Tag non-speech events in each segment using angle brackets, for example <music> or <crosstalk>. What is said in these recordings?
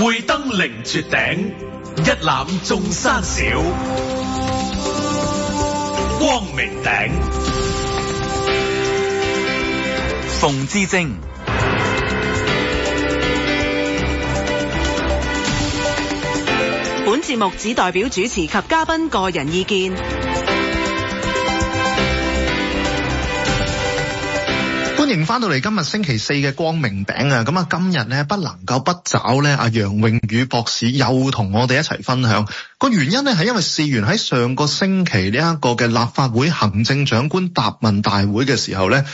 會登凌絕頂，一覽眾山小。光明頂，馮智政。本節目只代表主持及嘉賓個人意見。迎翻到嚟今日星期四嘅光明頂啊！咁啊，今日咧不能夠不找咧阿楊穎宇博士，又同我哋一齊分享個原因咧，係因為事源喺上個星期呢一個嘅立法會行政長官答問大會嘅時候咧。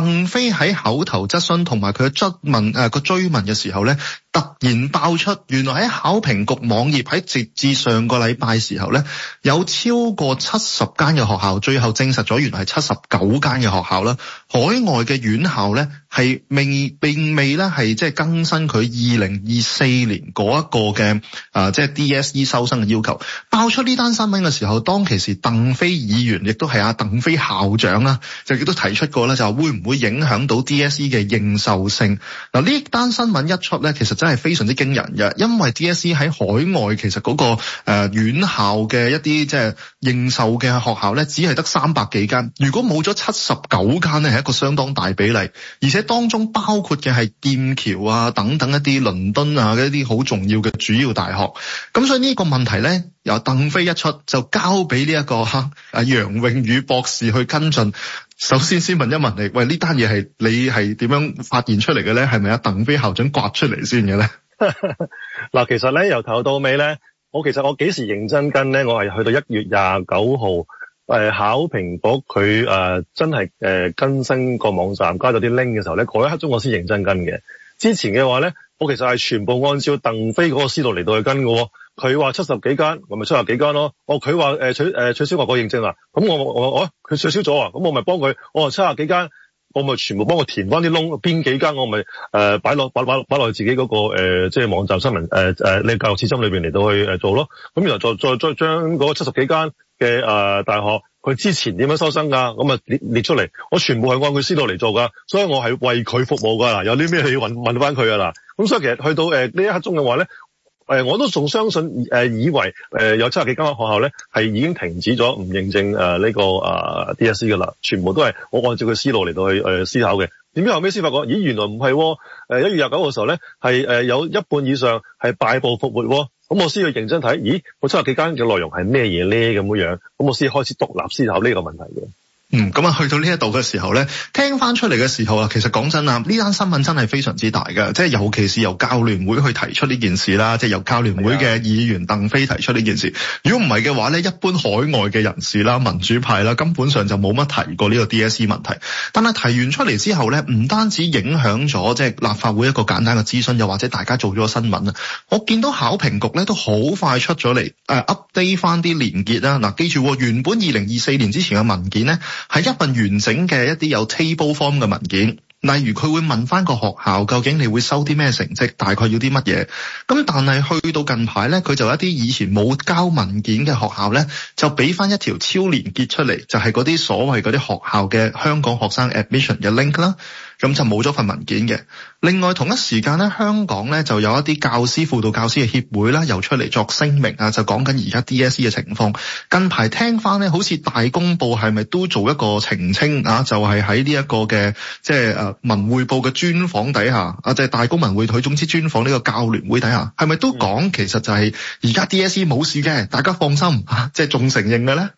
鄧飛喺口頭質詢同埋佢嘅質問誒個追問嘅時候咧，突然爆出原來喺考評局網頁喺直至上個禮拜時候咧，有超過七十間嘅學校，最後證實咗原來係七十九間嘅學校啦，海外嘅院校咧。係未並未咧，係即係更新佢二零二四年嗰一個嘅啊，即係 DSE 收生嘅要求。爆出呢單新聞嘅時候，當其時鄧飛議員亦都係阿鄧飛校長啦，就亦都提出過咧，就會唔會影響到 DSE 嘅認受性？嗱，呢單新聞一出咧，其實真係非常之驚人嘅，因為 DSE 喺海外其實嗰個誒院校嘅一啲即係認受嘅學校咧，只係得三百幾間，如果冇咗七十九間咧，係一個相當大比例，而且，當中包括嘅，係劍橋啊等等一啲倫敦啊一啲好重要嘅主要大學，咁所以呢個問題咧，由鄧飛一出就交俾呢一個阿楊穎宇博士去跟進。首先先問一問你，喂呢單嘢，係你係點樣發現出嚟嘅咧？係咪阿鄧飛校長刮出嚟先嘅咧？嗱， <laughs> 其實咧，由頭到尾咧，我其實我幾時認真跟咧？我係去到一月廿九號。誒，考評局佢誒真係誒、呃、更新個網站加咗啲 link 嘅時候咧，嗰一刻鐘我先認真跟嘅。之前嘅話咧，我其實係全部按照鄧飛嗰個思路嚟到去跟嘅。佢話七十幾間，我咪七十幾間咯。哦，佢話誒取誒、呃、取消我嘅認證啦，咁、啊、我我我佢取消咗啊，咁、啊、我咪幫佢。哦、啊，七十幾間，我咪全部幫佢填翻啲窿，邊幾間我咪誒擺落擺落擺落去自己嗰、那個誒即係網站新聞誒誒，你、呃呃、教育基金裏邊嚟到去誒做咯。咁然後再再再將嗰七十幾間。嘅誒大學，佢之前點樣收生㗎？咁啊列列出嚟，我全部係按佢思路嚟做㗎，所以我係為佢服務㗎嗱。有啲咩要問問翻佢啊嗱。咁所以其實去到誒呢一刻鐘嘅話咧，誒我都仲相信誒以為誒有七十幾間學校咧係已經停止咗唔認證誒呢個誒 DSE 㗎啦，全部都係我按照佢思路嚟到去誒思考嘅。點知後尾先發覺，咦原來唔係喎？誒一月廿九號嘅時候咧，係誒有一半以上係敗部復活喎。咁我先要認真睇，咦，我七十幾間嘅內容係咩嘢咧？咁樣樣，咁我先開始獨立思考呢個問題嘅。嗯，咁啊，去到呢一度嘅時候咧，聽翻出嚟嘅時候啊，其實講真啊，呢單新聞真係非常之大嘅，即係尤其是由教聯會去提出呢件事啦，即係由教聯會嘅議員鄧飛提出呢件事。的如果唔係嘅話咧，一般海外嘅人士啦、民主派啦，根本上就冇乜提過呢個 DSE 問題。但係提完出嚟之後咧，唔單止影響咗即係立法會一個簡單嘅諮詢，又或者大家做咗個新聞啊。我見到考評局咧都好快出咗嚟，update 翻啲連結啦。嗱、啊，記住、哦、原本二零二四年之前嘅文件咧。係一份完整嘅一啲有 table form 嘅文件，例如佢會問翻個學校究竟你會收啲咩成績，大概要啲乜嘢。咁但係去到近排咧，佢就一啲以前冇交文件嘅學校咧，就俾翻一條超連結出嚟，就係嗰啲所謂嗰啲學校嘅香港學生 admission 嘅 link 啦。咁就冇咗份文件嘅。另外同一時間咧，香港咧就有一啲教師輔導教師嘅協會啦，又出嚟作聲明啊，就講緊而家 D S E 嘅情況。近排聽翻咧，好似大公報係咪都做一個澄清啊？就係喺呢一個嘅即係文匯報嘅專訪底下，啊，即係大公文匯佢總之專訪呢個教聯會底下，係咪都講、嗯、其實就係而家 D S E 冇事嘅，大家放心、就是、啊，即係仲承認嘅咧。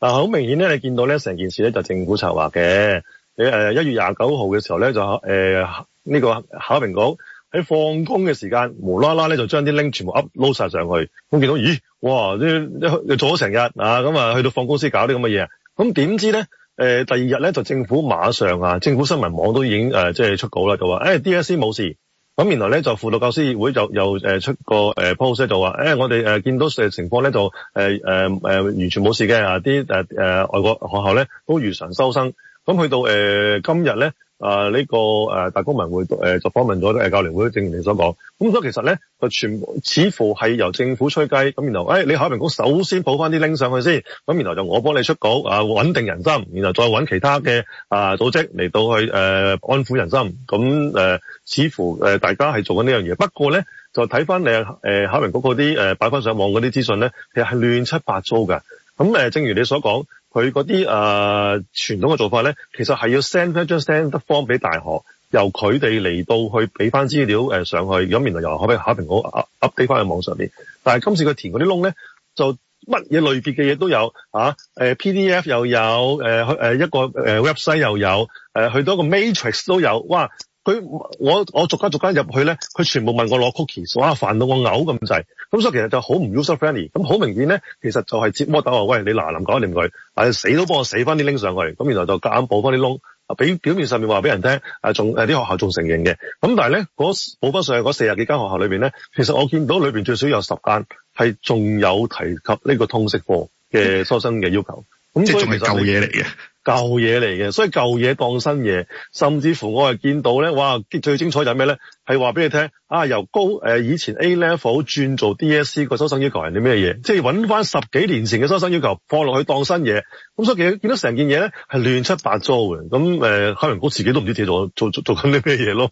嗱，好明顯咧，你見到咧成件事咧，就政府策劃嘅。你一月廿九號嘅時候咧，就誒呢、呃這個考評局喺放工嘅時間，無啦啦咧就將啲 link 全部 upload 曬上去，咁見到咦哇，呢做咗成日啊，咁啊去到放工先搞啲咁嘅嘢，咁點知咧誒第二日咧就政府馬上啊，政府新聞網都已經即係出稿啦，就話誒 DSE 冇事，咁原來咧就輔導教師會就又出個 post 咧，就話誒我哋見到情況咧就誒誒誒完全冇事嘅啊，啲誒誒外國學校咧都如常收生。咁去到誒今日咧，啊、這、呢個誒大公文匯誒就訪問咗教聯會，正如你所講。咁所以其實咧，就全部似乎係由政府吹雞。咁然後，誒、哎、你考評局首先補翻啲拎上去先，咁然後就我幫你出稿啊，穩定人心，然後再揾其他嘅啊組織嚟到去誒、啊、安撫人心。咁、嗯、誒、啊、似乎、啊、大家係做緊呢樣嘢。不過咧，就睇翻你誒考評局嗰啲擺翻上網嗰啲資訊咧，其實係亂七八糟㗎。咁正如你所講。佢嗰啲誒傳統嘅做法咧，其實係要 send 翻張 standard form 俾大學，由佢哋嚟到去俾翻資料誒、呃、上去，咁、呃、原後又可俾考評好、呃、update 翻去網上邊。但係今次佢填嗰啲窿咧，就乜嘢類別嘅嘢都有嚇，誒、啊呃、PDF 又有，誒去誒一個誒、呃、website 又有，誒、呃、去到一個 matrix 都有，哇！佢我我逐間逐間入去咧，佢全部問我攞 cookies，哇，煩到我嘔咁滯，咁所以其實就好唔 user friendly，咁好明顯咧，其實就係接摩打話，喂你嗱，嗱臨搞掂佢，啊死都幫我死翻啲拎上去，咁原來就夾硬補翻啲窿，俾表面上面話俾人聽，啊仲誒啲學校仲承認嘅，咁但係咧補補翻上去嗰四十幾間學校裏邊咧，其實我見到裏邊最少有十間係仲有提及呢個通識課嘅收生嘅要求，即係仲係舊嘢嚟嘅。嗯舊嘢嚟嘅，所以舊嘢當新嘢，甚至乎我係見到咧，哇，最精彩就係咩咧？係話俾你聽啊，由高誒、呃、以前 A level 轉做 DSE 個收生要求係啲咩嘢？即係揾翻十幾年前嘅收生要求放落去當新嘢，咁所以其實見到成件嘢咧係亂七八糟嘅。咁誒，呃、可能我自己都唔知自己做做做緊啲咩嘢咯。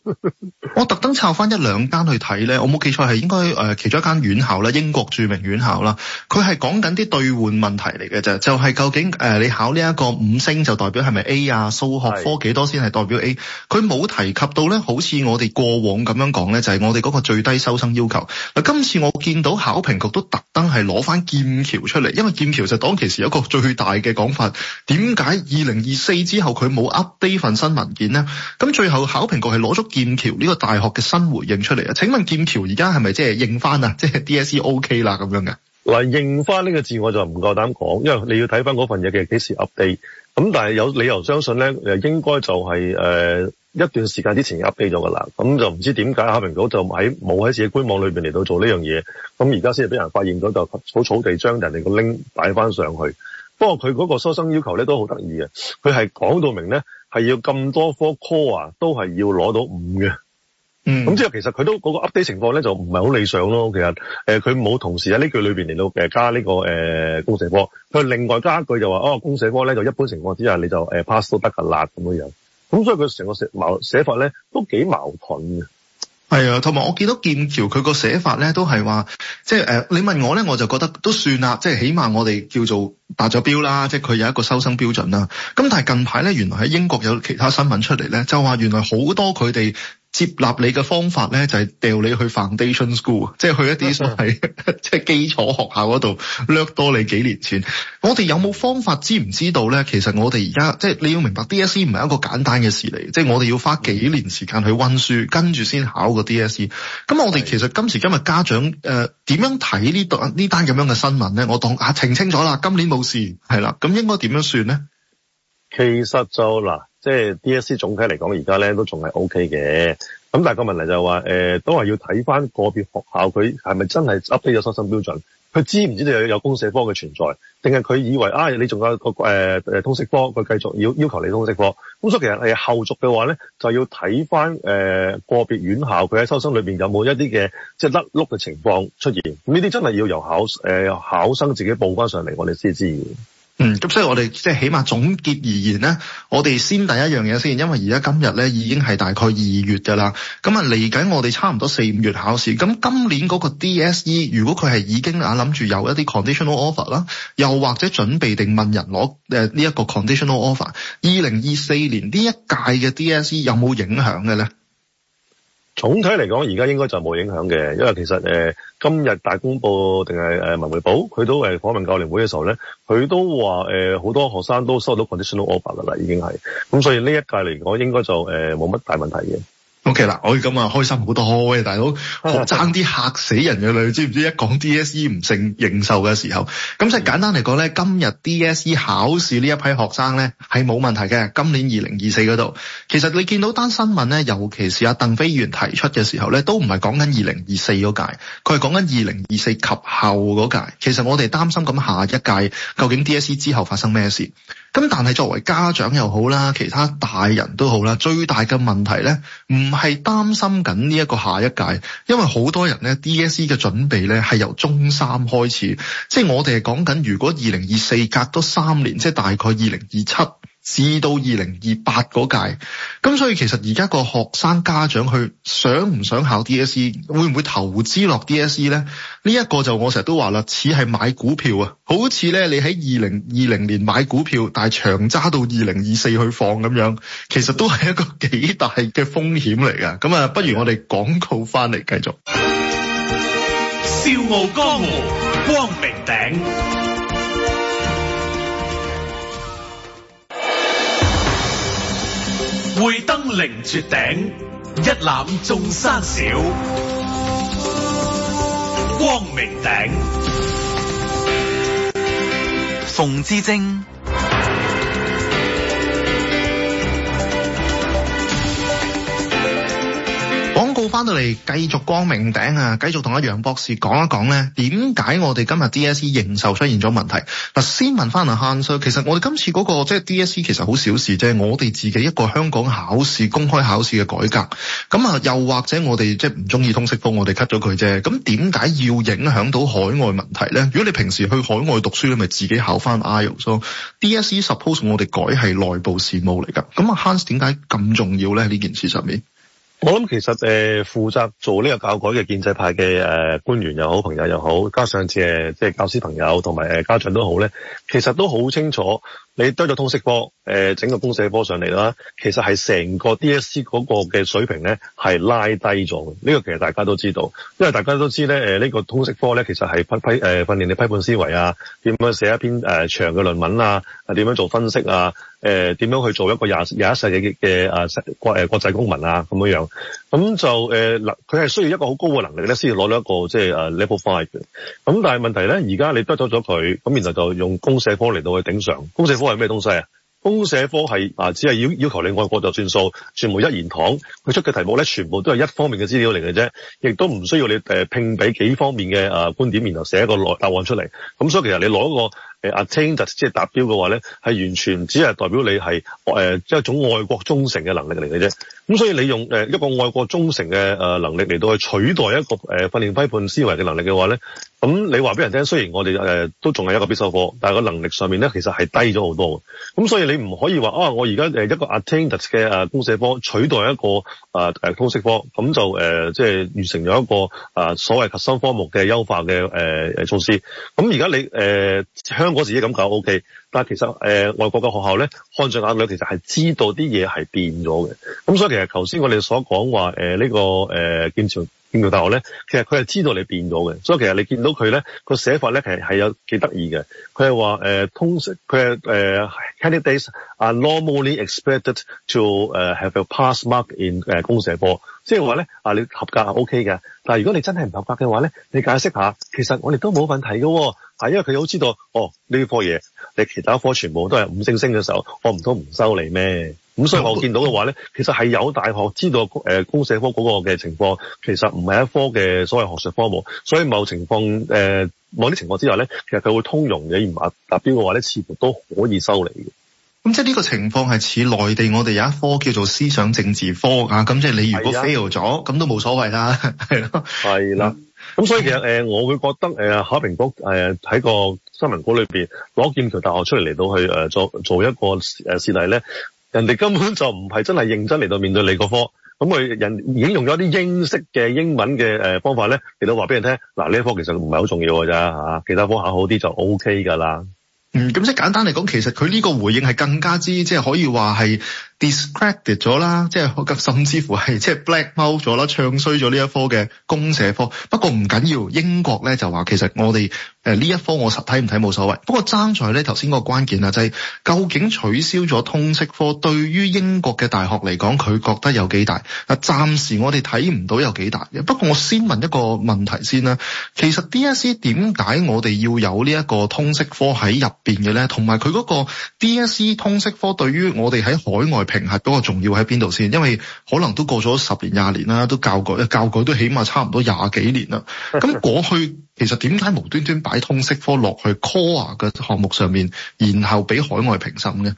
我特登抄翻一兩單去睇咧，我冇記錯係應該誒、呃、其中一間院校啦，英國著名院校啦，佢係講緊啲兌換問題嚟嘅啫，就係、是、究竟誒、呃、你考呢一個五星就代表係咪 A 啊？數學科幾多先係代表 A？佢冇是提及到咧，好似我哋過往。咁樣講咧，就係、是、我哋嗰個最低收生要求。嗱，今次我見到考評局都特登係攞翻劍橋出嚟，因為劍橋就當其時有一個最大嘅講法。點解二零二四之後佢冇 update 份新文件咧？咁最後考評局係攞咗劍橋呢個大學嘅新回應出嚟啊！請問劍橋而家係咪即係認翻啊？即、就、係、是、DSE OK 啦咁樣嘅？嗱，認翻呢個字我就唔夠膽講，因為你要睇翻嗰份嘢嘅幾時 update。咁但係有理由相信咧，應該就係、是呃一段時間之前 update 咗㗎啦，咁就唔知點解考評局就喺冇喺自己官網裏邊嚟到做呢樣嘢，咁而家先係俾人發現咗就草草地將人哋個 link 擺翻上去。不過佢嗰個收生要求咧都好得意嘅，佢係講到明咧係要咁多科 core 啊都係要攞到五嘅。嗯，咁之後其實佢都嗰個 update 情況咧就唔係好理想咯。其實誒佢冇同時喺呢句裏邊嚟到誒加呢個誒公社科，佢另外加一句就話哦公社科咧就一般情況之下你就誒 pass 都得㗎啦咁樣樣。咁所以佢成個寫矛寫法咧都幾矛盾嘅，係啊，同埋我見到劍橋佢個寫法咧都係話，即係誒，你問我咧我就覺得都算啦，即係起碼我哋叫做達咗標啦，即係佢有一個收生標準啦。咁但係近排咧，原來喺英國有其他新聞出嚟咧，就話原來好多佢哋接納你嘅方法咧，就係、是、掉你去 foundation school，即係去一啲所謂即係基礎學校嗰度，掠多你幾年錢。我哋有冇方法知唔知道咧？其實我哋而家即係你要明白 DSE 唔係一個簡單嘅事嚟，即、就、係、是、我哋要花幾年時間去溫書，嗯、跟住先考個 DSE。咁我哋其實今時今日家長誒點、呃、樣睇呢度呢單咁樣嘅新聞咧？我當啊澄清咗啦，今年冇事係啦，咁應該點樣算咧？其實就嗱即係 D S C 總體嚟講，而家咧都仲係 O K 嘅。咁但係個問題就話、呃、都係要睇翻個別學校佢係咪真係 update 咗收生標準？佢知唔知道有有公社科嘅存在，定係佢以為啊，你仲有個、呃、通識科，佢繼續要要求你通識科。咁所以其實係、呃、後續嘅話咧，就要睇翻呃個別院校佢喺收生裏面有冇一啲嘅即係甩碌嘅情況出現。咁呢啲真係要由考、呃、考生自己報翻上嚟，我哋先知。嗯，咁所以我哋即係起碼總結而言咧，我哋先第一樣嘢先，因為而家今日咧已經係大概二月噶啦，咁啊嚟緊我哋差唔多四五月考試，咁今年嗰個 DSE 如果佢係已經啊諗住有一啲 conditional offer 啦，又或者準備定問人攞誒呢一個 conditional offer，二零二四年呢一屆嘅 DSE 有冇影響嘅咧？總體嚟講，而家應該就冇影響嘅，因為其實誒、呃、今日大公報定係誒文匯報，佢都誒訪問教聯會嘅時候咧，佢都話誒好多學生都收到 conditional offer 噶啦，已經係咁，所以呢一屆嚟講應該就誒冇乜大問題嘅。O K 啦，我咁啊，開心好多嘅大佬，爭啲嚇死人嘅，你知唔知？一講 D S E 唔成認受嘅時候，咁即係簡單嚟講咧，今日 D S E 考試呢一批學生咧係冇問題嘅。今年二零二四嗰度，其實你見到單新聞咧，尤其是阿鄧飛員提出嘅時候咧，都唔係講緊二零二四嗰屆，佢係講緊二零二四及後嗰屆。其實我哋擔心咁下一屆究竟 D S E 之後發生咩事？咁但係作為家長又好啦，其他大人都好啦，最大嘅問題咧唔係擔心緊呢一個下一屆，因為好多人咧 DSE 嘅準備咧係由中三開始，即係我哋係講緊如果二零二四隔多三年，即係大概二零二七。至到二零二八嗰屆，咁所以其實而家個學生家長去想唔想考 DSE，會唔會投資落 DSE 呢？呢、呢、一個就我成日都話啦，似係買股票啊，好似呢，你喺二零二零年買股票，但係長揸到二零二四去放咁樣，其實都係一個幾大嘅風險嚟噶。咁啊，不如我哋廣告翻嚟繼續。笑傲江湖，光明頂。凌絕頂，一覽眾山小。光明頂，馮智政。翻到嚟繼續光明頂啊！繼續同阿楊博士講一講咧，點解我哋今日 DSE 認受出現咗問題？嗱，先問翻阿 Hans，其實我哋今次嗰、那個即係、就是、DSE 其實好小事啫，我哋自己一個香港考試公開考試嘅改革，咁啊又或者我哋即係唔中意通識科，我哋 cut 咗佢啫。咁點解要影響到海外問題咧？如果你平時去海外讀書，你咪自己考翻 IELTS 咯。DSE suppose 我哋改係內部事務嚟噶，咁阿 Hans 點解咁重要咧？喺呢件事上面？我諗其實誒負、呃、責做呢個教改嘅建制派嘅誒、呃、官員又好，朋友又好，加上次誒即係教師朋友同埋誒家長都好咧，其實都好清楚你堆咗通識科誒、呃、整個公社科上嚟啦，其實係成個 D.S.E. 嗰個嘅水平咧係拉低咗嘅。呢、這個其實大家都知道，因為大家都知咧誒呢個通識科咧其實係批批誒訓練你批判思維啊，點樣寫一篇誒、呃、長嘅論文啊，點、啊、樣做分析啊，誒、呃、點樣去做一個廿廿一世紀嘅誒國誒、啊、國際公民啊咁樣樣。咁就誒，佢、呃、係需要一個好高嘅能力咧，先至攞到一個即係誒 level five 嘅。咁但係問題咧，而家你得咗咗佢，咁然後就用公社科嚟到去頂上。公社科係咩東西啊？公社科係啊，只係要要求你愛國就算數，全部一言堂。佢出嘅題目咧，全部都係一方面嘅資料嚟嘅啫，亦都唔需要你誒拼比幾方面嘅誒觀點，然後寫一個答案出嚟。咁所以其實你攞一個。誒，attained 即係達標嘅話咧，係完全只係代表你係誒一種愛國忠誠嘅能力嚟嘅啫。咁所以你用誒一個愛國忠誠嘅誒能力嚟到去取代一個誒訓練批判思維嘅能力嘅話咧，咁你話俾人聽，雖然我哋誒都仲係一個必修科，但係個能力上面咧，其實係低咗好多。咁所以你唔可以話啊，我而家誒一個 attained 嘅誒公社科取代一個誒誒通識科，咁就誒即係完成咗一個誒所謂核心科目嘅優化嘅誒誒措施。咁而家你誒香。呃我自己咁講 OK，但係其實誒、呃、外國嘅學校咧，看上眼裏其實係知道啲嘢係變咗嘅。咁、嗯、所以其實頭先我哋所講話，誒、呃、呢、這個誒兼職。呃英國大學咧，其實佢係知道你變咗嘅，所以其實你見到佢咧個寫法咧，其實係有幾得意嘅。佢係話誒，通識佢係誒、呃、candidates are normally expected to 誒、呃、，have a pass mark in 誒、呃，公社科，即係話咧啊，你合格係 OK 嘅。但係如果你真係唔合格嘅話咧，你解釋下，其實我哋都冇問題嘅、哦。係因為佢好知道，哦呢科嘢你其他科全部都係五星星嘅時候，我唔通唔收你咩？咁所以我見到嘅話咧，其實係有大學知道公社科嗰個嘅情況，其實唔係一科嘅所謂學術科目，所以某情況某啲情況之下咧，其實佢會通融嘅，而唔係達標嘅話咧，似乎都可以收你嘅。咁即係呢個情況係似內地我哋有一科叫做思想政治科啊，咁即係你如果 fail 咗，咁的都冇所謂啦，係咯。啦的，咁、嗯、所以其實我會覺得誒考評局喺個新聞稿裏面攞劍橋大學出嚟嚟到去做做一個誒示例咧。人哋根本就唔係真係認真嚟到面對你個科，咁佢人已經用咗啲英式嘅英文嘅誒方法咧，嚟到話俾人聽，嗱，呢一科其實唔係好重要㗎咋吓，其他科考好啲就 OK 噶啦。嗯，咁即係簡單嚟講，其實佢呢個回應係更加之，即係可以話係。discredited 咗啦，即係甚至乎係即係 blackmail 咗啦，唱衰咗呢一科嘅公社科。不過唔緊要，英國咧就話其實我哋誒呢一科我實睇唔睇冇所謂。不過爭在咧頭先個關鍵啊，就係、是、究竟取消咗通識科對於英國嘅大學嚟講，佢覺得有幾大？暫時我哋睇唔到有幾大嘅。不過我先問一個問題先啦，其實 DSE 點解我哋要有呢一個通識科喺入邊嘅咧？同埋佢嗰個 DSE 通識科對於我哋喺海外評核嗰個重要喺邊度先？因為可能都過咗十年廿年啦，都教改教改都起碼差唔多廿幾年啦。咁講 <laughs> 去其實點解無端端擺通識科落去 Core 嘅項目上面，然後俾海外評審嘅？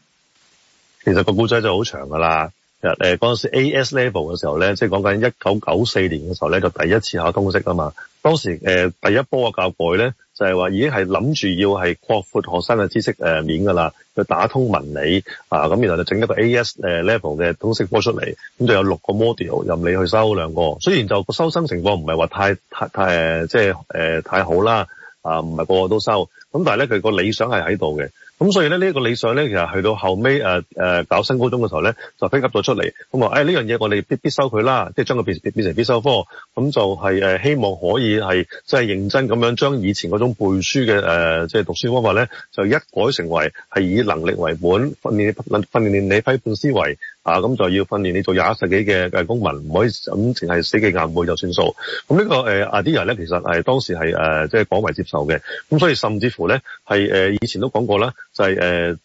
其實個故仔就好長噶啦。其實誒嗰陣時 AS Level 嘅時候咧，即係講緊一九九四年嘅時候咧，就第一次考通識啊嘛。當時誒、呃、第一波嘅教改咧，就係、是、話已經係諗住要係擴闊學生嘅知識誒面㗎啦，去打通文理啊，咁然後就整一個 A、呃、S 誒 level 嘅通識科出嚟，咁、嗯、就有六個 module 任你去收兩個，雖然就個收生情況唔係話太太太誒即係誒太好啦啊，唔係個個都收，咁但係咧佢個理想係喺度嘅。咁所以咧，呢、這、一個理想咧，其實去到後尾誒、啊啊、搞新高中嘅時候咧，就飛級咗出嚟。咁啊，誒呢樣嘢我哋必必修佢啦，即係將佢變變成必修科。咁、嗯、就係、是呃、希望可以係即係認真咁樣將以前嗰種背書嘅即係讀書方法咧，就一改成為係以能力為本，訓練訓練你批判思維。啊，咁就要訓練你做廿一世紀嘅嘅公民，唔可以咁淨係死記硬背就算數。咁、這個呃、呢個阿 idea 咧，其實當時係即係廣為接受嘅。咁所以甚至乎呢，係、呃、以前都講過啦，就係、是呃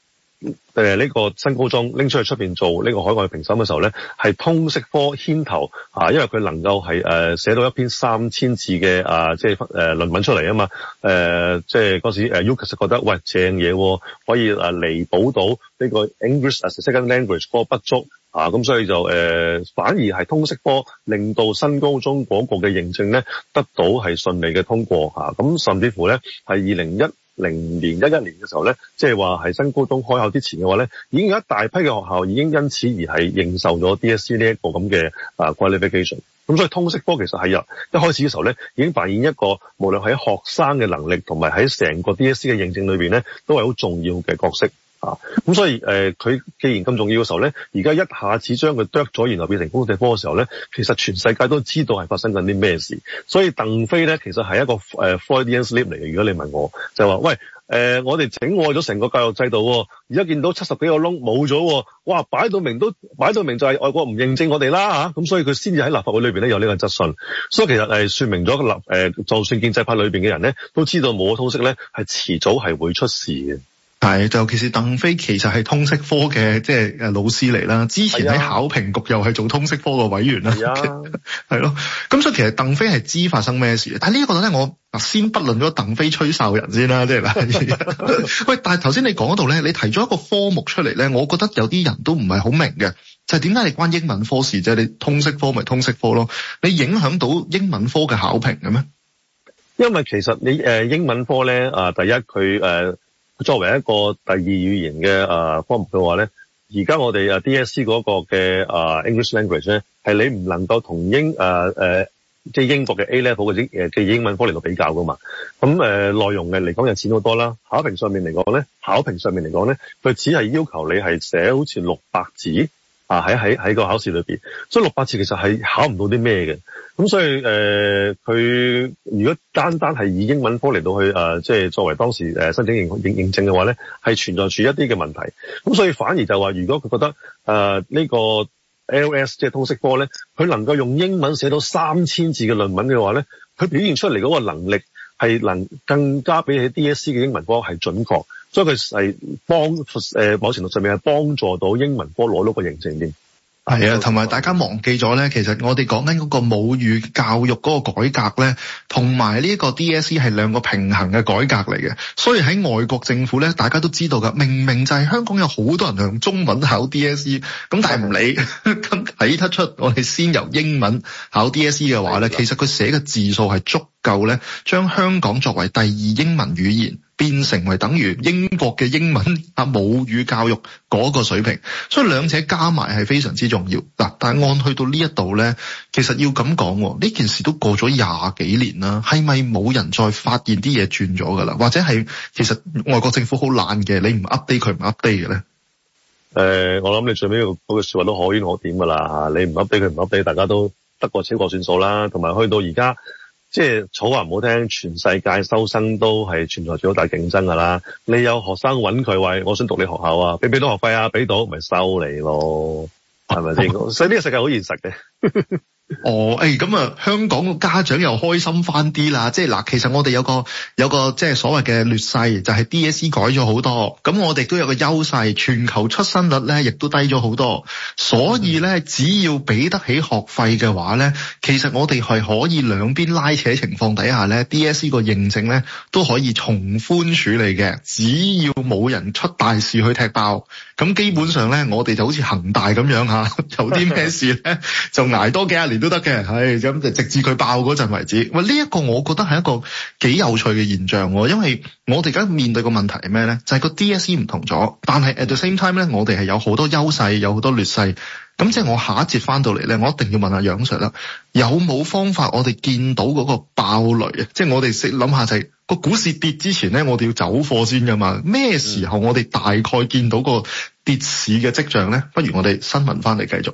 誒呢個新高中拎出去出邊做呢個海外評審嘅時候咧，係通識科牽頭啊，因為佢能夠係誒寫到一篇三千字嘅啊，即係誒論文出嚟啊嘛，誒即係嗰時誒 UCAS 覺得喂正嘢喎，可以啊彌補到呢個 English as a second language 科不足啊，咁所以就誒、呃、反而係通識科令到新高中廣告嘅認證咧得到係順利嘅通過嚇，咁甚至乎咧係二零一零年一一年嘅時候咧，即係話係新高中開校之前嘅話咧，已經有一大批嘅學校已經因此而係認受咗 D、這個啊、SE 呢一個咁嘅啊 qualification。咁所以通識科其實係一,一開始嘅時候咧，已經扮演一個無論喺學生嘅能力同埋喺成個 DSE 嘅認證裏面咧，都係好重要嘅角色。咁、啊、所以誒，佢、呃、既然咁重要嘅時候咧，而家一下子將佢剁咗，然後變成公地方嘅時候咧，其實全世界都知道係發生緊啲咩事。所以鄧飛咧，其實係一個誒、呃、Freudian slip 嚟嘅。如果你問我，就話喂誒、呃，我哋整壞咗成個教育制度、哦，而家見到七十幾個窿冇咗，哇，擺到明都擺到明就係外國唔認證我哋啦嚇。咁所以佢先至喺立法會裏面咧有呢個質詢。所以其實誒、呃、說明咗立誒、呃，就算建制派裏面嘅人咧，都知道冇通識咧係遲早係會出事嘅。係，但尤其是鄧飛，其實係通識科嘅，即係誒老師嚟啦。之前喺考評局又係做通識科嘅委員啦，係咯、啊。咁、 <laughs> 啊、所以其實鄧飛係知發生咩事嘅。但係呢個咧，我先不論咗鄧飛吹哨人先啦，即係嗱。喂，但係頭先你講到咧，你提咗一個科目出嚟咧，我覺得有啲人都唔係好明嘅，就係點解你關英文科事啫？你通識科咪通識科咯？你影響到英文科嘅考評嘅咩？因為其實你誒英文科咧啊，第一佢誒。作為一個第二語言嘅誒科目嘅話咧，而家我哋啊 D.S.E 嗰個嘅誒 English Language 咧，係你唔能夠同英誒誒、呃、即係英國嘅 A level 嘅英嘅英文科嚟到比較㗎嘛。咁誒內容嘅嚟講又淺好多啦。考評上面嚟講咧，考評上面嚟講咧，佢只係要求你係寫好似六百字啊，喺喺喺個考試裏面，所以六百字其實係考唔到啲咩嘅。咁所以誒佢、呃、如果單單係以英文科嚟到去誒即係作為當時誒申請認認認證嘅話咧，係存在住一啲嘅問題。咁所以反而就話，如果佢覺得誒呢、呃這個 LS 即係通識科咧，佢能夠用英文寫到三千字嘅論文嘅話咧，佢表現出嚟嗰個能力係能更加比起 DSE 嘅英文科係準確，所以佢係幫誒某程度上面係幫助到英文科攞到個認證添。係啊，同埋大家忘記咗咧，其實我哋講緊嗰個母語教育嗰個改革咧，同埋呢一個 DSE 係兩個平衡嘅改革嚟嘅。所以喺外國政府咧，大家都知道噶，明明就係香港有好多人係用中文考 DSE，咁但係唔理。咁睇的 <laughs> 得出，我哋先由英文考 DSE 嘅話咧，的其實佢寫嘅字數係足夠咧，將香港作為第二英文語言。變成為等於英國嘅英文啊，母語教育嗰個水平，所以兩者加埋係非常之重要嗱。但係按去到呢一度咧，其實要咁講，呢件事都過咗廿幾年啦，係咪冇人再發現啲嘢轉咗噶啦？或者係其實外國政府好懶嘅，你唔 update 佢唔 update 嘅咧？誒、呃，我諗你最尾嗰個說話都可圈可點噶啦，你唔 update 佢唔 update，大家都得過且過算數啦。同埋去到而家。即係草話唔好聽，全世界收生都係存在住好大競爭噶啦。你有學生搵佢，喂，我想讀你學校啊，俾俾到學費啊？俾到咪收你咯，係咪先？ <laughs> 所以呢個世界好現實嘅。 <laughs> 哦，誒、哎，咁啊，香港嘅家長又開心翻啲啦，即係嗱，其實我哋有個有個即係所謂嘅劣勢，就係、是、DSE 改咗好多，咁我哋都有個優勢，全球出生率咧亦都低咗好多，所以咧只要俾得起學費嘅話咧，其實我哋係可以兩邊拉扯情況底下咧，DSE 個認證咧都可以從寬處理嘅，只要冇人出大事去踢爆，咁基本上咧我哋就好似恒大咁樣吓， <laughs> <laughs> 有啲咩事咧就挨多幾廿年。都得嘅，係咁就直至佢爆嗰陣為止。喂，呢、這、一個我覺得係一個幾有趣嘅現象，因為我哋而家面對個問題係咩咧？就係、是、個 D S E 唔同咗，但係 at the same time 咧，我哋係有好多優勢，有好多劣勢。咁即係我下一節翻到嚟咧，我一定要問下楊 Sir 啦，有冇方法我哋見到嗰個爆雷啊？即、就、係、是、我哋識諗下就係、是、個股市跌之前咧，我哋要走貨先噶嘛？咩時候我哋大概見到個跌市嘅跡象咧？不如我哋新聞翻嚟繼續。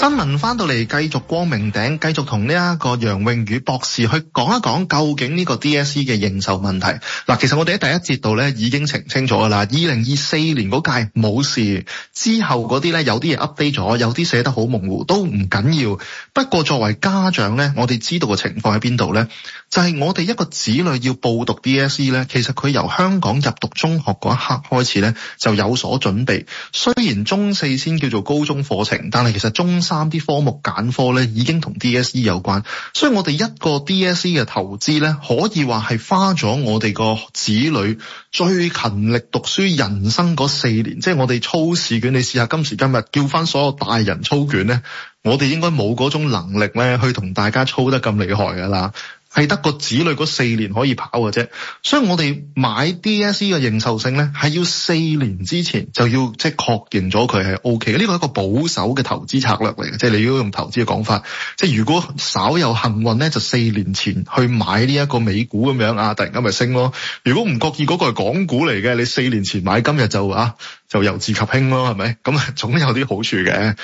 新聞翻到嚟，繼續光明頂，繼續同呢一個楊穎宇博士去講一講究竟呢個 DSE 嘅認受問題。嗱，其實我哋喺第一節度咧已經澄清咗㗎啦。二零二四年嗰屆冇事，之後嗰啲咧有啲嘢 update 咗，有啲寫得好模糊都唔緊要。不過作為家長咧，我哋知道嘅情況喺邊度咧？就係、是、我哋一個子女要報讀 DSE 咧，其實佢由香港入讀中學嗰一刻開始咧就有所準備。雖然中四先叫做高中課程，但係其實中四三啲科目揀科咧已經同 DSE 有關，所以我哋一個 DSE 嘅投資咧，可以話係花咗我哋個子女最勤力讀書人生嗰四年，即係我哋操試卷，你試下今時今日叫翻所有大人操卷咧，我哋應該冇嗰種能力咧去同大家操得咁厲害噶啦。係得個子女嗰四年可以跑嘅啫，所以我哋買 DSE 嘅認受性咧，係要四年之前就要即係確認咗佢係 O K 嘅。呢個係一個保守嘅投資策略嚟嘅，即係你要用投資嘅講法，即係如果稍有幸運咧，就四年前去買呢一個美股咁樣啊，突然間咪升咯。如果唔覺意嗰個係港股嚟嘅，你四年前買今日就啊就由自及興咯，係咪？咁總有啲好處嘅。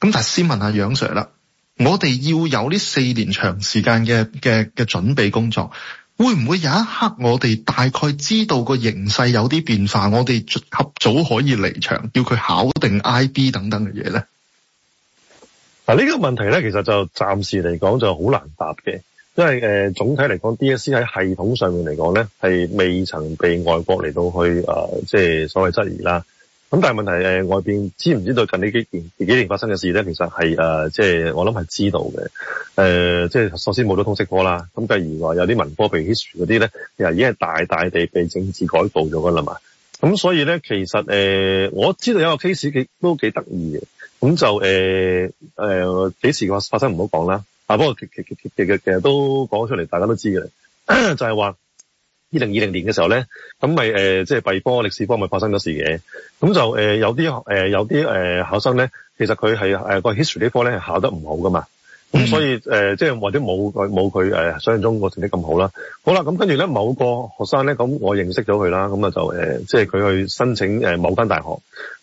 咁但先問下楊 Sir 啦。我哋要有呢四年長時間嘅嘅嘅準備工作，會唔會有一刻我哋大概知道個形勢有啲變化，我哋及早可以離場，叫佢考定 IB 等等嘅嘢咧？嗱呢個問題咧，其實就暫時嚟講就好難答嘅，因為誒總體嚟講，DSE 喺系統上面嚟講咧係未曾被外國嚟到去誒，即、呃、係所謂質疑啦。咁但係問題誒外邊知唔知道近呢幾年幾年發生嘅事咧、呃呃？其實係即係我諗係知道嘅。即係首先冇咗通識科啦。咁繼而話有啲文科被 hit 嗰啲咧，又已經係大大地被政治改導咗噶啦嘛。咁所以咧，其實、呃、我知道有個 case 都幾得意嘅。咁就誒幾、呃、時發生唔好講啦。啊，不過其其實都講出嚟，大家都知嘅，就係話。二零二零年嘅時候咧，咁咪誒即係弊波歷史科咪發生咗事嘅，咁就誒、呃、有啲誒、呃、有啲誒、呃、考生咧，其實佢係誒個 history 呢，科咧係考得唔好噶嘛，咁所以誒即係或者冇佢冇佢誒想像中個成績咁好啦。好啦，咁跟住咧某個學生咧，咁我認識咗佢啦，咁啊就誒即係佢去申請誒某間大學，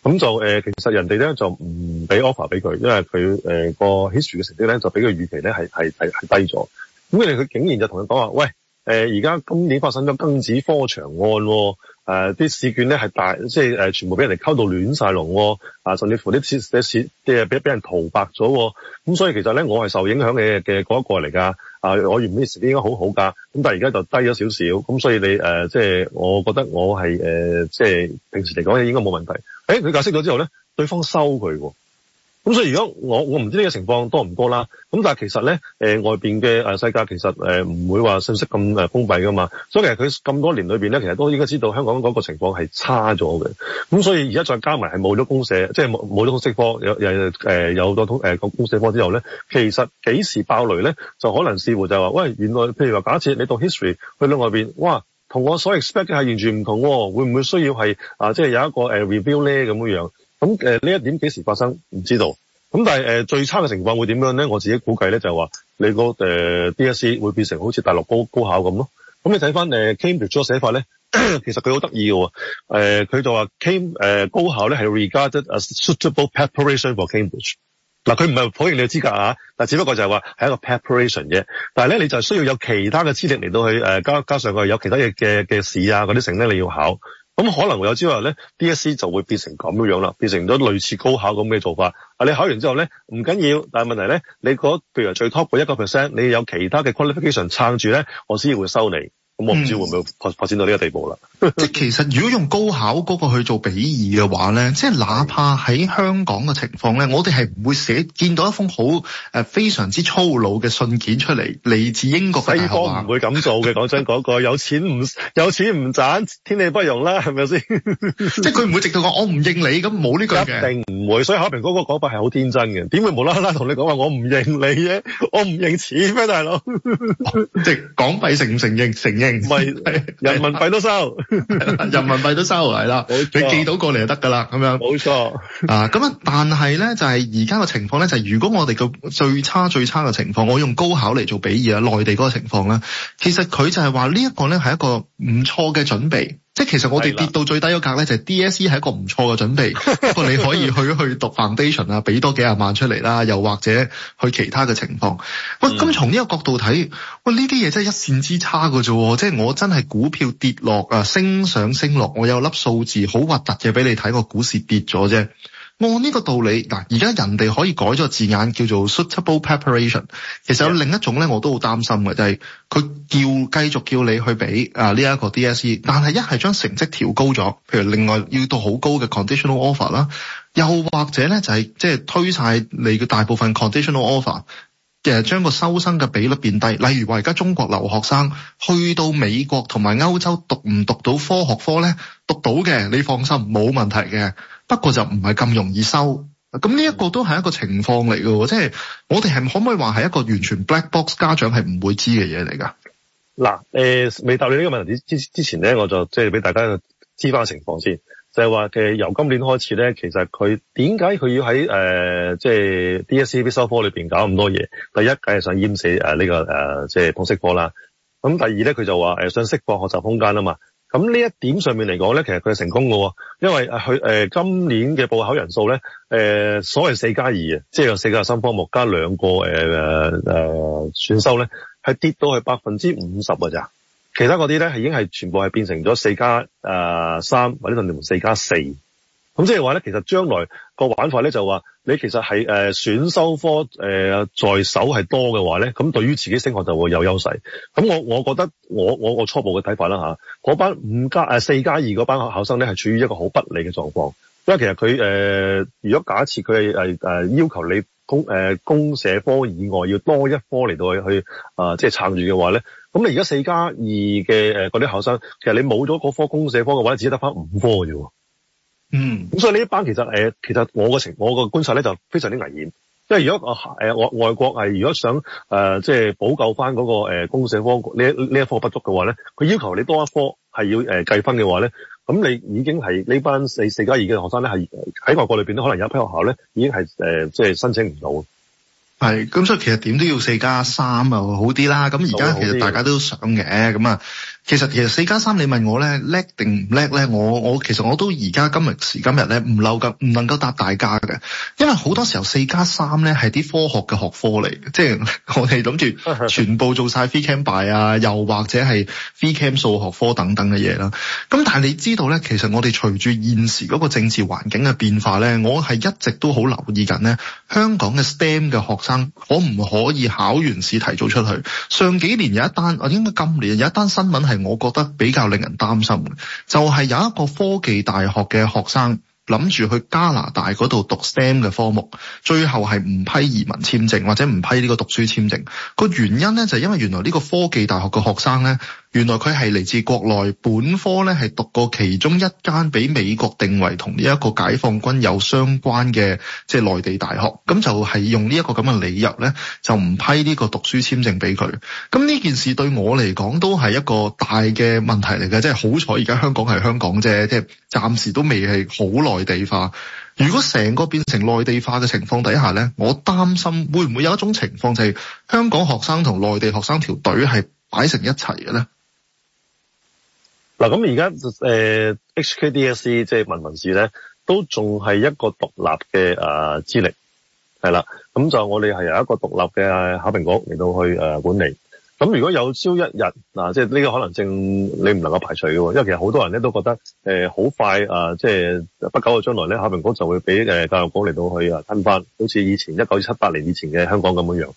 咁就誒、呃、其實人哋咧就唔俾 offer 俾佢，因為佢誒個 history 嘅成績咧就比佢預期咧係係係低咗，咁佢佢竟然就同佢講話，喂！誒而家今年發生咗庚子科場案喎，啲、呃、試卷咧係大，即係全部俾人哋溝到亂曬龍喎，啊甚至乎啲寫嘅俾俾人塗白咗喎，咁、啊、所以其實咧我係受影響嘅嘅嗰一個嚟㗎，啊我原本啲應該好好㗎，咁但係而家就低咗少少，咁所以你誒、呃、即係我覺得我係誒、呃、即係平時嚟講應該冇問題，誒、欸、佢解釋咗之後咧，對方收佢喎。咁所以如果我我唔知呢個情況多唔多啦，咁但係其實咧，誒、呃、外邊嘅誒世界其實誒唔、呃、會話信息咁誒封閉噶嘛，所以其實佢咁多年裏邊咧，其實都應該知道香港嗰個情況係差咗嘅。咁所以而家再加埋係冇咗公社，即係冇冇咗通識科，有誒有好多誒公社科之後咧，其實幾時爆雷咧，就可能視乎就係話，喂，原來譬如話假設你讀 history 去到外邊，哇，同我所 expect 嘅係完全唔同，哦，會唔會需要係啊，即係有一個誒 review 咧咁樣樣？咁呢一點幾時發生唔知道，咁但係最差嘅情況會點樣咧？我自己估計咧就係話你個 DSE 會變成好似大陸高高考咁咯。咁你睇翻 Cambridge 嗰個寫法咧， <coughs> 其實佢好得意嘅喎。佢就話 Cam 誒高考咧係 regarded as suitable preparation for Cambridge。嗱，佢唔係否認你嘅資格啊，但只不過就係話係一個 preparation 啫。但係咧你就需要有其他嘅資歷嚟到去加加上佢有其他嘢嘅嘅試啊嗰啲成咧你要考。咁可能有朝日咧 d s c 就會變成咁樣樣啦，變成咗類似高考咁嘅做法。啊，你考完之後咧，唔緊要，但係問題咧，你嗰譬如最 top 嗰一個 percent，你有其他嘅 qualification 撐住咧，我先會收你。我唔、嗯、知會唔會發展到呢個地步啦。即係、嗯、 <laughs> 其實如果用高考嗰個去做比擬嘅話咧，即、就、係、是、哪怕喺香港嘅情況咧，我哋係唔會寫見到一封好、呃、非常之粗魯嘅信件出嚟嚟自英國嘅。西方唔會咁做嘅。講真嗰、那個 <laughs> 有錢唔有錢唔賺，天理不容啦，係咪先？ <laughs> <laughs> 即係佢唔會直到講我唔認你咁冇呢句嘅。一定唔會。所以考評局嗰個講法係好天真嘅。點會無啦啦同你講話我唔認你啫？我唔認錢咩，大佬、 <laughs> 嗯？即係港幣承唔承認？承認。係人民幣都收，人民幣都收係啦。你寄到過嚟就得噶啦，咁樣。冇錯啊，咁啊，但係咧就係而家個情況咧，就係、是就是、如果我哋個最差最差嘅情況，我用高考嚟做比喻啊，內地嗰個情況咧，其實佢就係話呢一個咧係一個唔錯嘅準備。即係其實我哋跌到最低嗰格咧，就係 DSE 係一個唔錯嘅準備。不過 <laughs> 你可以去去讀 foundation 啊，俾多幾廿萬出嚟啦，又或者去其他嘅情況。喂、嗯，咁從呢個角度睇，喂呢啲嘢真係一線之差嘅啫。即係我真係股票跌落啊，升上升落，我有粒數字好核突嘅俾你睇，個股市跌咗啫。按呢個道理嗱，而家人哋可以改咗字眼叫做 suitable preparation。其實有另一種咧，我都好擔心嘅，就係佢叫繼續叫你去俾啊呢一個 DSE，但係一係將成績調高咗，譬如另外要到好高嘅 conditional offer 啦，又或者咧就係即係推曬你嘅大部分 conditional offer，其實將個收生嘅比率變低。例如話而家中國留學生去到美國同埋歐洲讀唔讀到科學科咧？讀到嘅，你放心，冇問題嘅。不過就唔係咁容易收，咁呢一個都係一個情況嚟嘅喎，即係我哋係可唔可以話係一個完全 black box 家長係唔會知嘅嘢嚟㗎？嗱，誒未答你呢個問題之之前咧，我就即係俾大家知翻個情況先，就係話嘅由今年開始咧，其實佢點解佢要喺誒即係 DSE 必修科裏邊搞咁多嘢？第一，梗係想淹死誒呢個誒即係通識科啦。咁第二咧，佢就話誒想釋放學習空間啊嘛。咁呢一點上面嚟講咧，其實佢係成功嘅，因為佢、呃、今年嘅報考人數咧、呃，所謂四加二啊，即係有四加三科目加兩個誒誒選修咧，係、呃、跌到去百分之五十㗎咋，其他嗰啲咧係已經係全部係變成咗四加誒三或者甚至乎四加四。咁即係話咧，其實將來個玩法咧就話，你其實係誒選修科誒在手係多嘅話咧，咁對於自己升學就會有優勢。咁我我覺得我我個初步嘅睇法啦吓，嗰班五加誒四加二嗰班考生咧係處於一個好不利嘅狀況，因為其實佢誒如果假設佢係誒誒要求你公誒、呃、公社科以外要多一科嚟到去去啊即係撐住嘅話咧，咁你而家四加二嘅誒嗰啲考生，其實你冇咗嗰科公社科嘅話，只得翻五科嘅啫。嗯，咁所以呢一班其實誒、呃，其實我個情我個觀察咧就非常之危險，即係如果誒外、呃、外國係如果想誒即係補救翻嗰、那個誒、呃、公社科呢呢一科不足嘅話咧，佢要求你多一科係要誒計、呃、分嘅話咧，咁你已經係呢班四四加二嘅學生咧係喺外國裏邊都可能有一批學校咧已經係誒即係申請唔到。係，咁所以其實點都要四加三又好啲啦。咁而家其實大家都想嘅咁啊。其實其實四加三你問我咧叻定唔叻咧，我我其實我都而家今日時今日咧唔溜噶，唔能夠答大家嘅。因為好多時候四加三咧係啲科學嘅學科嚟嘅，即係我哋諗住全部做晒 Phy Chem Bio 啊，又或者係 Phy Chem 數學科等等嘅嘢啦。咁但係你知道咧，其實我哋隨住現時嗰個政治環境嘅變化咧，我係一直都好留意緊咧香港嘅 STEM 嘅學生可唔可以考完試提早出去？上幾年有一單，我應該今年有一單新聞係。我覺得比較令人擔心就係有一個科技大學嘅學生，諗住去加拿大嗰度讀 STEM 嘅科目，最後係唔批移民簽證或者唔批呢個讀書簽證。個原因咧，就係因為原來呢個科技大學嘅學生咧。原來佢係嚟自國內本科咧，係讀過其中一間俾美國定為同呢一個解放軍有相關嘅，即係內地大學咁就係用呢一個咁嘅理由咧，就唔批呢個讀書簽證俾佢。咁呢件事對我嚟講都係一個大嘅問題嚟嘅，即係好彩而家香港係香港啫，即係暫時都未係好內地化。如果成個變成內地化嘅情況底下咧，我擔心會唔會有一種情況就係香港學生同內地學生條隊係擺成一齊嘅咧？嗱，咁而家誒 HKDSE 即係文憑試咧，都仲係一個獨立嘅啊資歷，係啦，咁就我哋係由一個獨立嘅考評局嚟到去、啊、管理。咁如果有朝一日嗱、啊，即係呢個可能性你唔能夠排除嘅，因為其實好多人咧都覺得誒好、呃、快啊，即係不久嘅將來咧，考評局就會俾誒教育局嚟到去啊吞翻，好似以前一九七八年以前嘅香港咁樣樣。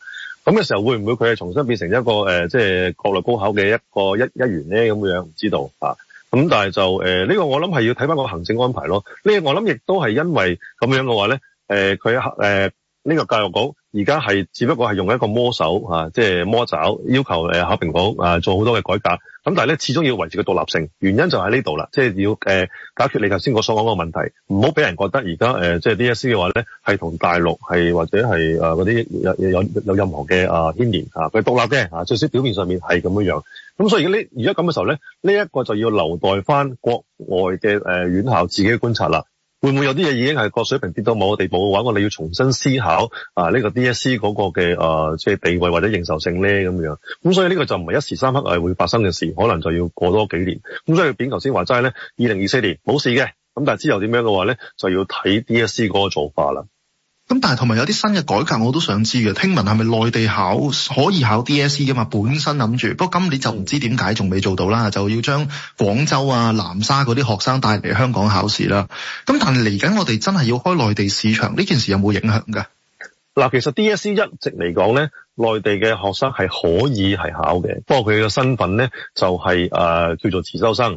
咁嘅時候會唔會佢係重新變成一個誒，即、呃、係、就是、國內高考嘅一個一一員咧？咁樣唔知道啊。咁但係就誒，呢、呃這個我諗係要睇翻個行政安排咯。呢、這個、我諗亦都係因為咁樣嘅話咧，誒、呃，佢誒，呢、呃這個教育局。而家係只不過係用一個魔手啊，即係魔爪要求誒考評局啊，啊做好多嘅改革，咁但係咧始終要維持個獨立性，原因就喺呢度啦，即係要誒、呃、解決你頭先我所講嗰個問題，唔好俾人覺得而家誒即係 DSE 嘅話咧係同大陸係或者係誒嗰啲有有有，有任何嘅啊牽連啊，佢獨立嘅啊，最少表面上面係咁樣樣，咁所以呢而家咁嘅時候咧，呢、這、一個就要留待翻國外嘅誒、呃、院校自己嘅觀察啦。會唔會有啲嘢已經係個水平跌到某個地步嘅話，我哋要重新思考啊呢個 D S E 嗰個嘅啊即係地位或者認受性咧咁樣，咁所以呢個就唔係一時三刻係會發生嘅事，可能就要過多幾年，咁所以扁頭先話齋咧，二零二四年冇事嘅，咁但係之後點樣嘅話咧，就要睇 D S E 嗰個做法啦。咁但係同埋有啲新嘅改革，我都想知嘅。聽聞係咪內地考可以考 DSE 噶嘛？本身諗住，不過今年就唔知點解仲未做到啦，就要將廣州啊南沙嗰啲學生帶嚟香港考試啦。咁但係嚟緊我哋真係要開內地市場呢件事有冇影響噶？嗱，其實 DSE 一直嚟講咧，內地嘅學生係可以係考嘅，不過佢嘅身份咧就係、是、誒、呃、叫做自修生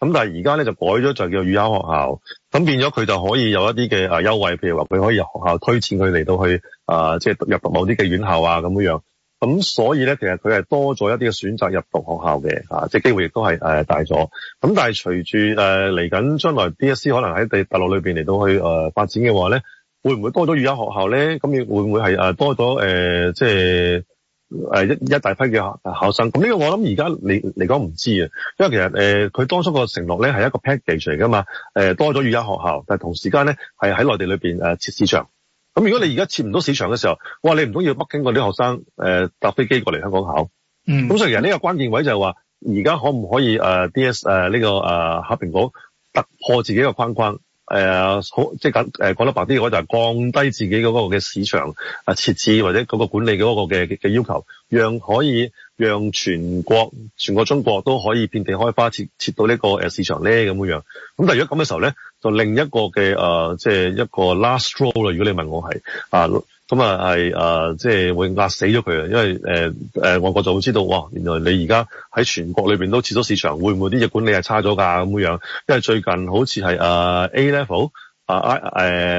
咁。但係而家咧就改咗就叫與考學校。咁變咗佢就可以有一啲嘅優惠，譬如話佢可以由學校推薦佢嚟到去啊，即係入讀某啲嘅院校啊，咁樣樣咁，所以咧，其實佢係多咗一啲嘅選擇入讀學校嘅、啊，即係機會亦都係大咗。咁但係隨住嚟緊將來 D S E 可能喺大陸裏面嚟到去、啊、發展嘅話咧，會唔會多咗預優學校咧？咁會唔會係多咗即係？啊就是誒一一大批嘅考生，咁、這、呢個我諗而家你嚟講唔知啊，因為其實誒佢、呃、當初個承諾咧係一個 package 嚟噶嘛，誒、呃、多咗逾一學校，但係同時間咧係喺內地裏邊誒設市場。咁、嗯嗯、如果你而家設唔到市場嘅時候，哇你唔通要北京嗰啲學生誒搭、呃、飛機過嚟香港考？嗯。咁所以其實呢個關鍵位就係話，而家可唔可以誒、呃、D S 誒、呃、呢、這個誒考、呃、評局突破自己嘅框框？誒好，即係講誒講得白啲，我就係降低自己嗰個嘅市場啊，設置或者嗰個管理嗰個嘅嘅要求，讓可以讓全國全個中國都可以遍地開花設設到呢個誒市場咧咁樣樣。咁但係如果咁嘅時候咧，就另一個嘅誒，即、呃、係、就是、一個 last role 啦。如果你問我係啊。呃咁啊，係啊，即、呃、係、就是、會壓死咗佢啊，因為誒誒、呃呃，外國就會知道，哇，原來你而家喺全國裏邊都設咗市場，會唔會啲嘢管理係差咗噶咁樣？因為最近好似係啊 A level 啊誒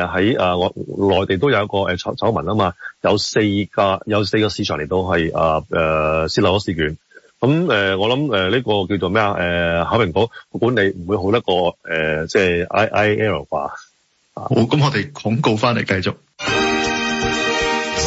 喺啊我內地都有一個誒醜醜聞啊嘛，有四個有四個市場嚟到係啊誒洩漏咗試卷。咁誒、呃，我諗誒呢個叫做咩啊？誒、呃、考評局管理唔會好得過誒即係 I I L 啩？好，咁我哋廣告翻嚟繼續。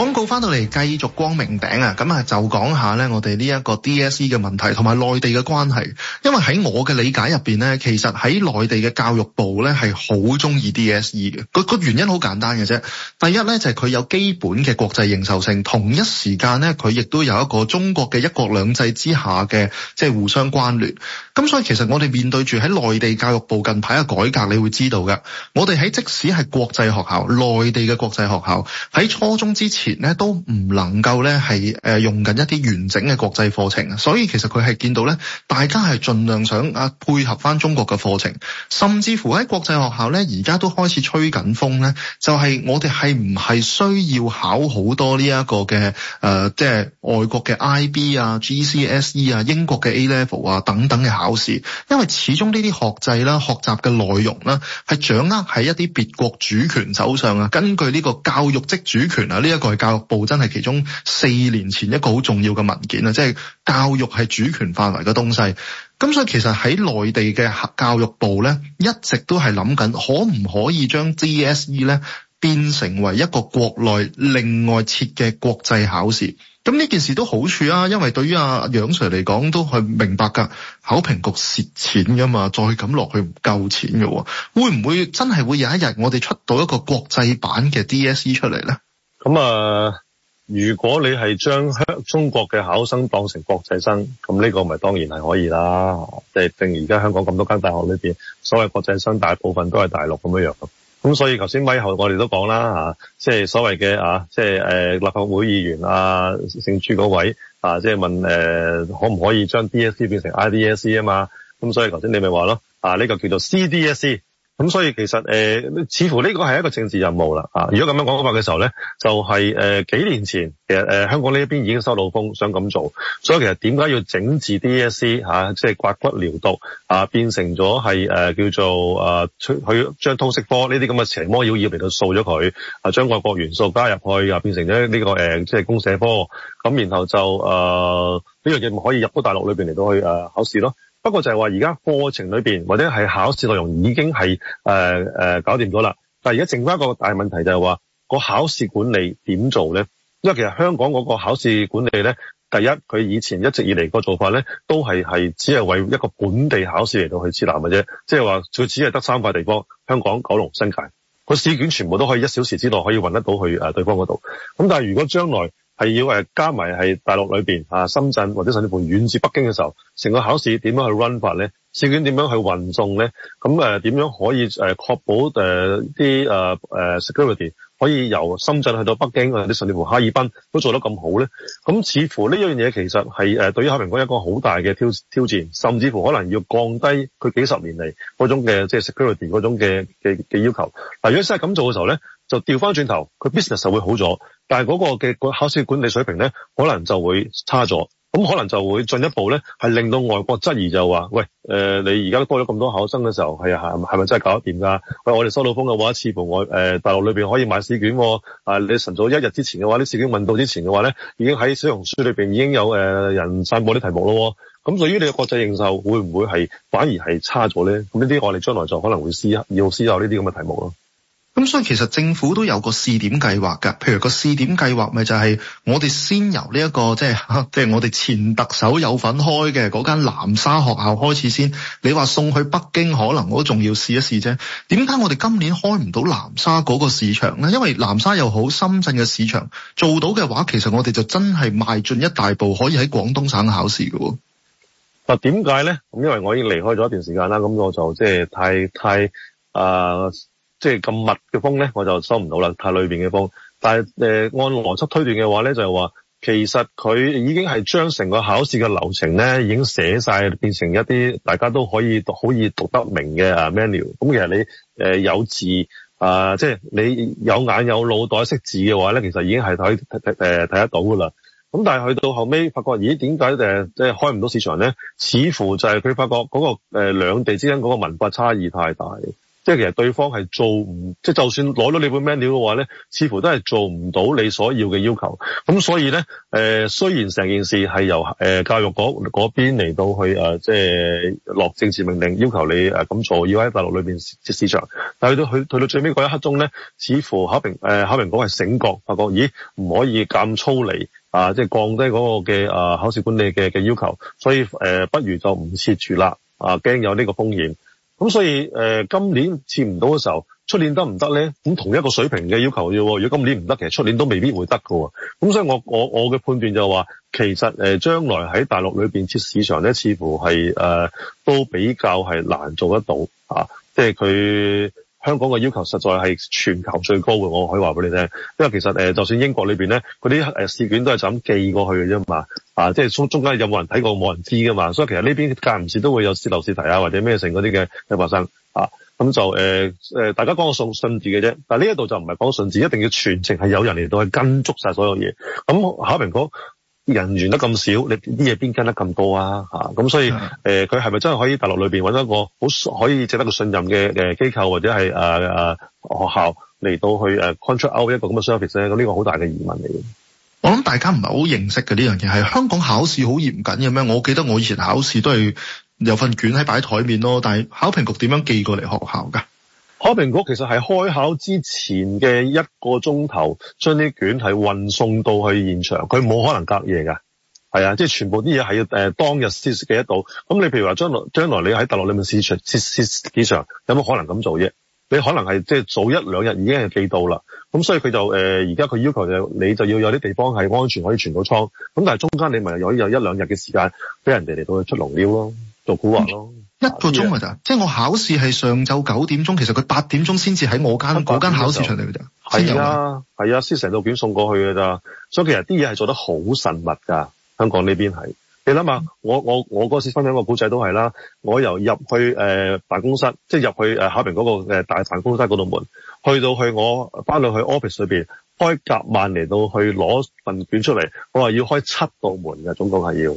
廣告翻到嚟繼續光明頂啊！咁啊就講下咧，我哋呢一個 DSE 嘅問題同埋內地嘅關係。因為喺我嘅理解入面咧，其實喺內地嘅教育部咧係好中意 DSE 嘅。個原因好簡單嘅啫。第一咧就係佢有基本嘅國際認受性，同一時間咧佢亦都有一個中國嘅一國兩制之下嘅即係互相關聯。咁所以其實我哋面對住喺內地教育部近排嘅改革，你會知道嘅。我哋喺即使係國際學校，內地嘅國際學校喺初中之前。咧都唔能夠咧係誒用緊一啲完整嘅國際課程，所以其實佢係見到咧，大家係盡量想啊配合返中國嘅課程，甚至乎喺國際學校咧，而家都開始吹緊風咧，就係我哋係唔係需要考好多呢、這、一個嘅誒，即、呃、係、就是、外國嘅 IB 啊、GCSE 啊、英國嘅 A level 啊等等嘅考試，因為始終呢啲學制啦、學習嘅內容啦，係掌握喺一啲別國主權手上啊，根據呢個教育即主權啊，呢、這、一個係。教育部真係其中四年前一個好重要嘅文件啊，即係教育係主權範圍嘅東西。咁所以其實喺內地嘅教育部咧，一直都係諗緊可唔可以將 DSE 咧變成為一個國內另外設嘅國際考試。咁呢件事都好處啊，因為對於阿楊 Sir 嚟講都係明白㗎，考評局蝕錢㗎嘛，再咁落去唔夠錢嘅喎，會唔會真係會有一日我哋出到一個國際版嘅 DSE 出嚟咧？咁啊，如果你係將香中國嘅考生當成國際生，咁呢個咪當然係可以啦。即係定而家香港咁多間大學裏邊，所謂國際生大部分都係大陸咁樣樣。咁所以頭先咪後我哋都講啦，啊，即係所謂嘅啊，即係誒立法會議員啊姓朱嗰位啊，即係問誒、啊、可唔可以將 D S E 變成 I D S E 啊嘛。咁所以頭先你咪話咯，啊呢個叫做 C D S E。咁所以其實、呃、似乎呢個係一個政治任務啦、啊。如果咁樣講法嘅時候咧，就係、是呃、幾年前，其實、呃、香港呢一邊已經收到風，想咁做。所以其實點解要整治 DSE 即、啊、係、就是、刮骨療毒啊，變成咗係、啊、叫做誒，將通識科呢啲咁嘅邪魔妖孽嚟到掃咗佢，啊將外國元素加入去、啊，變成咗呢、這個即係、啊就是、公社科。咁然後就誒呢樣嘢咪可以入到大陸裏面嚟到去誒、啊、考試咯。不過就係話，而家課程裏邊或者係考試內容已經係誒誒搞掂咗啦。但係而家剩翻一個大問題就係話，個考試管理點做咧？因為其實香港嗰個考試管理咧，第一佢以前一直以嚟個做法咧，都係係只係為一個本地考試嚟到去設立嘅啫。即係話佢只係得三塊地方：香港、九龍、新界。個試卷全部都可以一小時之內可以運得到去誒對方嗰度。咁但係如果將來，係要加埋喺大陸裏面，啊，深圳或者甚至乎遠至北京嘅時候，成個考試點樣去 run 法咧？試卷點樣去運送咧？咁點樣可以確保啲 security、呃呃、可以由深圳去到北京或者甚至乎哈爾濱都做得咁好咧？咁似乎呢樣嘢其實係對於考評局一個好大嘅挑挑戰，甚至乎可能要降低佢幾十年嚟嗰種嘅即係 security 嗰種嘅嘅嘅要求。嗱，如果真係咁做嘅時候咧？就調翻轉頭，佢 business 就會好咗，但係嗰個嘅個考試管理水平咧，可能就會差咗，咁可能就會進一步咧，係令到外國質疑就話，喂，誒、呃，你而家過咗咁多考生嘅時候，係啊，係咪真係搞得掂㗎？喂，我哋收到封嘅話，似乎我誒、呃、大陸裏面可以買試卷、哦，啊，你晨早一日之前嘅話，啲試卷問到之前嘅話咧，已經喺小紅書裏面已經有人散播啲題目咯、哦。咁對於你嘅國際認受會會，會唔會係反而係差咗咧？咁呢啲我哋將來就可能會試要試下呢啲咁嘅題目咯。咁所以其實政府都有個試點計劃噶，譬如個試點計劃咪就係我哋先由呢、這、一個即係即係我哋前特首有份開嘅嗰間南沙學校開始先。你話送去北京可能我都仲要試一試啫。點解我哋今年開唔到南沙嗰個市場咧？因為南沙又好，深圳嘅市場做到嘅話，其實我哋就真係邁進一大步，可以喺廣東省考試嘅。嗱，點解咧？咁因為我已經離開咗一段時間啦，咁我就即係太太、呃即係咁密嘅風咧，我就收唔到啦，太裏面嘅風。但係誒、呃，按邏輯推斷嘅話咧，就係、是、話其實佢已經係將成個考試嘅流程咧，已經寫晒變成一啲大家都可以讀，可以讀得明嘅啊 menu。咁其實你誒有字啊、呃，即係你有眼有腦袋識字嘅話咧，其實已經係睇誒睇得到噶啦。咁但係去到後尾發覺，咦點解誒即係開唔到市場咧？似乎就係佢發覺嗰、那個、呃、兩地之間嗰個文化差異太大。即係其實對方係做唔即係就算攞到你本 menu 嘅話咧，似乎都係做唔到你所要嘅要求。咁所以咧，誒、呃、雖然成件事係由誒、呃、教育局嗰邊嚟到去誒，即係落政治命令要求你誒咁、呃、做，要喺大陸裏邊市市場，但係到去去到最尾嗰一刻鐘咧，似乎考評誒考評局係醒覺，發覺咦唔可以咁粗嚟啊，即係降低嗰個嘅誒、啊、考試管理嘅嘅要求，所以誒、呃、不如就唔設住啦啊，驚有呢個風險。咁所以誒、呃、今年切唔到嘅時候，出年得唔得咧？咁同一個水平嘅要求要喎，如果今年唔得，其實出年都未必會得㗎喎。咁所以我我我嘅判斷就話，其實誒將、呃、來喺大陸裏面切市場咧，似乎係誒、呃、都比較係難做得到啊，即係佢。香港嘅要求實在係全球最高嘅，我可以話俾你聽。因為其實誒，就算英國裏邊咧，嗰啲誒試卷都係咁寄過去嘅啫嘛。啊，即係中中間有冇人睇過冇人知嘅嘛。所以其實呢邊間唔時都會有泄漏試題啊，或者咩成嗰啲嘅嘅發生啊。咁、嗯、就誒誒、呃，大家講個信信字嘅啫。但係呢一度就唔係講信字，一定要全程係有人嚟到去跟足晒所有嘢。咁考明講。人員得咁少，你啲嘢邊跟得咁多啊？咁、啊、所以誒，佢係咪真係可以大陸裏邊揾一個好可以值得個信任嘅機構或者係誒、呃呃、學校嚟到去 contract out、呃、一個咁嘅 service 咧？呢個好大嘅疑問嚟嘅。我諗大家唔係好認識嘅呢樣嘢，係香港考試好嚴謹嘅咩？我記得我以前考試都係有份卷喺擺喺台面咯，但係考評局點樣寄過嚟學校㗎？考評局其實係開考之前嘅一個鐘頭，將啲卷係運送到去現場，佢冇可能隔夜噶係啊，即係全部啲嘢，係要誒當日先記得到。咁你譬如話，將來將來你喺大陸裏面市場市市場，有冇可能咁做啫？你可能係即係早一兩日已經係寄到啦。咁所以佢就誒，而家佢要求就你就要有啲地方係安全可以存到倉。咁但係中間你咪有有一兩日嘅時間，俾人哋嚟到去出籠料咯，做蠱惑咯。嗯一個鐘噶咋，Yeah. 即係我考試係上晝九點鐘，其實佢八點鐘先至喺我間嗰間考試場嚟噶咋。係、嗯、啊，係啊，先成套卷送過去嘅咋。所以其實啲嘢係做得好神密噶，香港呢邊係。你諗下，我我我嗰時分享個古仔都係啦。我由入去誒、呃、辦公室，即係入去誒考評嗰個誒大辦公室嗰度門，去到去我翻到去 office 裏邊，開夾萬嚟到去攞份卷出嚟，我話要開七道門嘅，總共係要。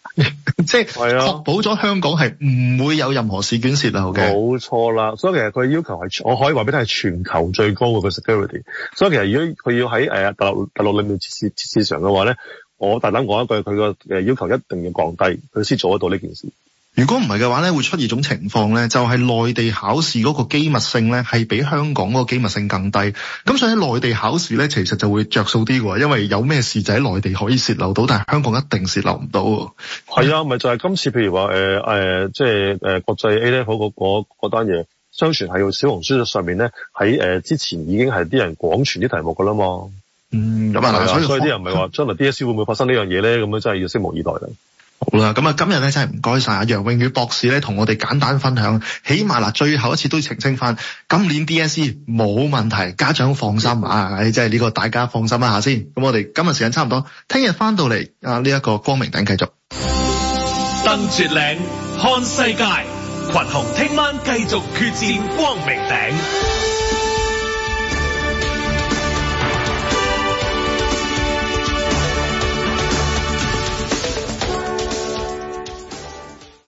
<laughs> 即係確、啊、保咗香港係唔會有任何試卷洩漏嘅，冇錯啦。所以其實佢要求係我可以話俾你聽係全球最高嘅個 security。所以其實如果佢要喺誒大陸大陸裡面設設市場嘅話咧，我大膽講一句，佢個誒要求一定要降低，佢先做得到呢件事。如果唔係嘅話咧，會出現種情況咧，就係、是、內地考試嗰個機密性咧，係比香港嗰個機密性更低，咁所以喺內地考試咧，其實就會着數啲嘅，因為有咩事就喺內地可以泄漏到，但係香港一定泄漏唔到。係啊的，咪、嗯、就係今次，譬如話誒誒，即係誒國際 A level 嗰嗰單嘢，相傳係用小紅書上面咧喺誒之前已經係啲人廣傳啲題目噶啦嘛。嗯，咁啊的，所以啲以、嗯、人唔係話將來 DSE 會唔會發生這呢樣嘢咧？咁樣真係要拭目以待啦。好啦，咁啊，今日咧真係唔該晒啊，楊穎宇博士咧同我哋簡單分享，起碼嗱最後一次都澄清翻，今年 DSE 冇問題，家長放心啊，唉、嗯，即係呢個大家放心一下先，咁我哋今日時間差唔多，聽日翻到嚟，啊呢一個光明頂繼續登絕嶺看世界，群雄聽晚繼續決戰光明頂。